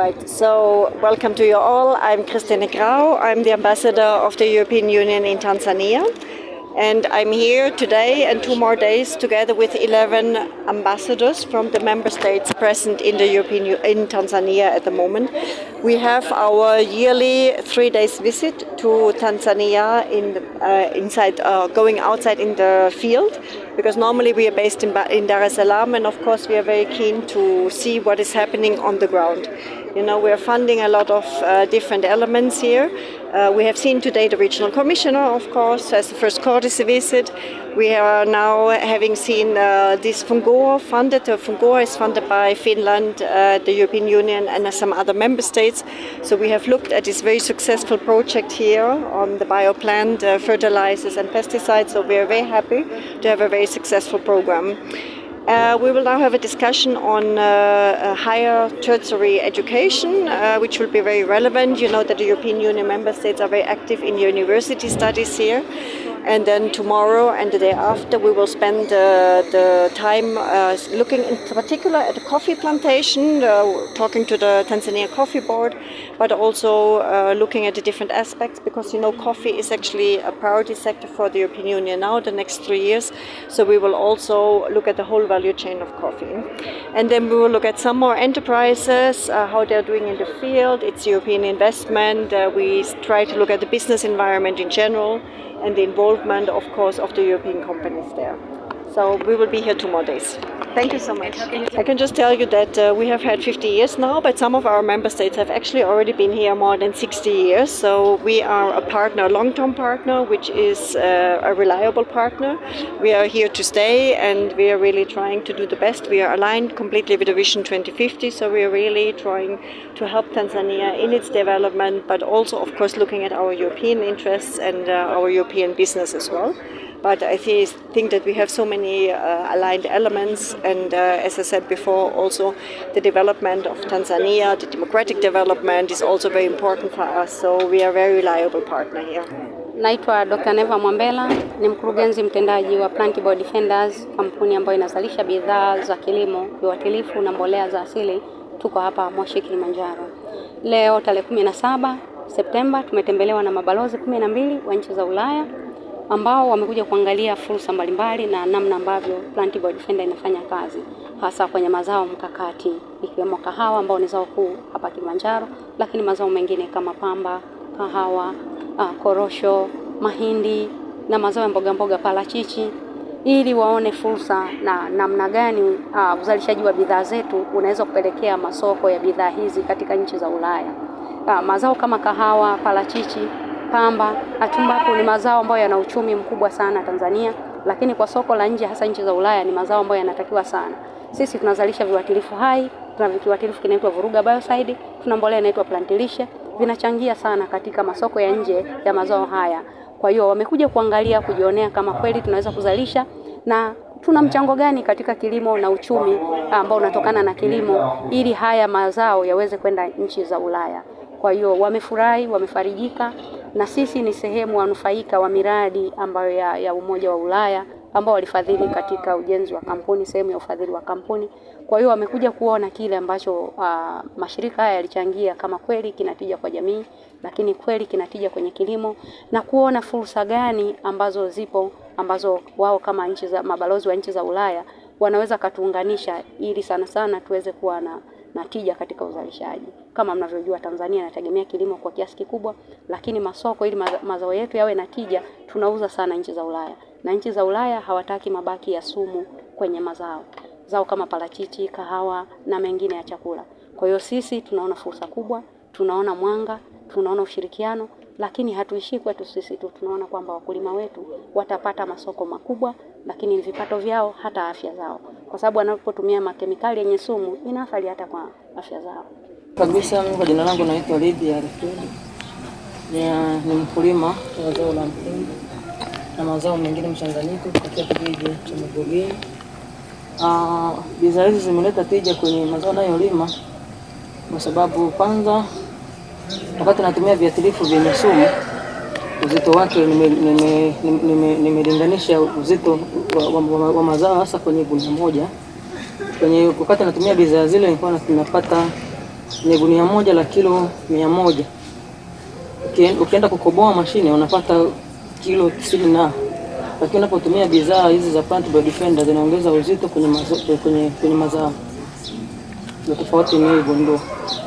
right. So, welcome to you all. I'm Christine Grau. I'm the ambassador of the European Union in Tanzania. And I'm here today and two more days together with 11 ambassadors from the member states present in the European U in Tanzania at the moment. We have our yearly three days visit to Tanzania in uh, inside uh, going outside in the field because normally we are based in, ba in Dar es Salaam and of course we are very keen to see what is happening on the ground. You know, we're funding a lot of uh, different elements here. Uh, we have seen today the regional commissioner, of course, as the first courtesy visit. We are now having seen uh, this Fungoa funded. Uh, Fungoa is funded by Finland, uh, the European Union, and uh, some other member states. So we have looked at this very successful project here on the bioplant uh, fertilizers and pesticides. So we are very happy to have a very successful program. Uh, we will now have a discussion on uh, uh, higher tertiary education, uh, which will be very relevant. You know that the European Union member states are very active in university studies here and then tomorrow and the day after we will spend uh, the time uh, looking in particular at the coffee plantation, uh, talking to the Tanzania Coffee Board, but also uh, looking at the different aspects because you know coffee is actually a priority sector for the European Union now the next three years. So we will also look at the whole value chain of coffee, and then we will look at some more enterprises, uh, how they're doing in the field. It's European investment. Uh, we try to look at the business environment in general and the involvement, of course, of the European companies there. So we will be here two more days. Thank you so much. I can just tell you that uh, we have had 50 years now, but some of our member states have actually already been here more than 60 years. So we are a partner, long-term partner, which is uh, a reliable partner. We are here to stay, and we are really trying to do the best. We are aligned completely with the Vision 2050, so we are really trying to help Tanzania in its development, but also, of course, looking at our European interests and uh, our European business as well. But I th- think that we have so many uh, aligned elements, and uh, as I said before, also the development of Tanzania, the democratic development is also very important for us. So we are a very reliable partner here. Naitwa Dr. Neva Mwambela, ni mkurugenzi mtendaji wa Plantable Defenders, kampuni ambayo inazalisha bidhaa za kilimo, viwatilifu na mbolea za asili. Tuko hapa Moshi Kilimanjaro. Leo tarehe 17 Septemba tumetembelewa na mabalozi 12 wa nchi za Ulaya ambao wamekuja kuangalia fursa mbalimbali na namna ambavyo Plant Biodefender inafanya kazi hasa kwenye mazao mkakati ikiwemo kahawa ambao ni zao kuu hapa Kilimanjaro, lakini mazao mengine kama pamba, kahawa, uh, korosho, mahindi na mazao ya mboga mboga, parachichi, ili waone fursa na namna gani uh, uzalishaji wa bidhaa zetu unaweza kupelekea masoko ya bidhaa hizi katika nchi za Ulaya. Uh, mazao kama kahawa, parachichi pamba, tumbaku ni mazao ambayo yana uchumi mkubwa sana Tanzania, lakini kwa soko la nje, hasa nchi za Ulaya, ni mazao ambayo yanatakiwa sana. Sisi tunazalisha viwatilifu hai, tuna viwatilifu kinaitwa Vuruga Biocide, tuna mbolea inaitwa Plantilishe, vinachangia sana katika masoko ya nje ya mazao haya. Kwa hiyo wamekuja kuangalia, kujionea kama kweli tunaweza kuzalisha na tuna mchango gani katika kilimo na uchumi ambao unatokana na kilimo, ili haya mazao yaweze kwenda nchi za Ulaya. Kwa hiyo wamefurahi, wamefarijika na sisi ni sehemu wanufaika wa miradi ambayo ya, ya Umoja wa Ulaya ambao walifadhili katika ujenzi wa kampuni, sehemu ya ufadhili wa kampuni. Kwa hiyo wamekuja kuona kile ambacho uh, mashirika haya yalichangia kama kweli kinatija kwa jamii, lakini kweli kinatija kwenye kilimo na kuona fursa gani ambazo zipo ambazo wao kama nchi za mabalozi wa nchi za Ulaya wanaweza katuunganisha ili sana sana tuweze kuwa na na tija katika uzalishaji. Kama mnavyojua, Tanzania inategemea kilimo kwa kiasi kikubwa, lakini masoko, ili mazao yetu yawe na tija, tunauza sana nchi za Ulaya, na nchi za Ulaya hawataki mabaki ya sumu kwenye mazao zao kama parachichi, kahawa na mengine ya chakula. Kwa hiyo sisi tunaona fursa kubwa, tunaona mwanga, tunaona ushirikiano, lakini hatuishii kwetu sisi tu, tunaona kwamba wakulima wetu watapata masoko makubwa lakini ni vipato vyao hata afya zao, kwa sababu wanapotumia makemikali yenye sumu ina athari hata kwa afya zao kabisa. Mimi kwa jina langu naitwa Lydia Alfred, uh, ni mkulima wa zao la mpunga na mazao mengine mchanganyiko katika kijiji cha Mugogeni. Uh, bidhaa hizi zimeleta tija kwenye mazao nayolima kwa sababu kwanza, wakati natumia viatilifu vyenye sumu uzito wake nimelinganisha nime, nime, nime uzito wa, wa, wa, wa mazao hasa kwenye gunia moja. Kwenye wakati natumia bidhaa zile nilikuwa napata kwenye gunia moja la kilo mia moja. Ukienda kukoboa mashine unapata kilo tisini na lakini unapotumia bidhaa hizi za Plant defender zinaongeza uzito kwenye mazao kwenye, kwenye mazao. Ndio tofauti nimegundua.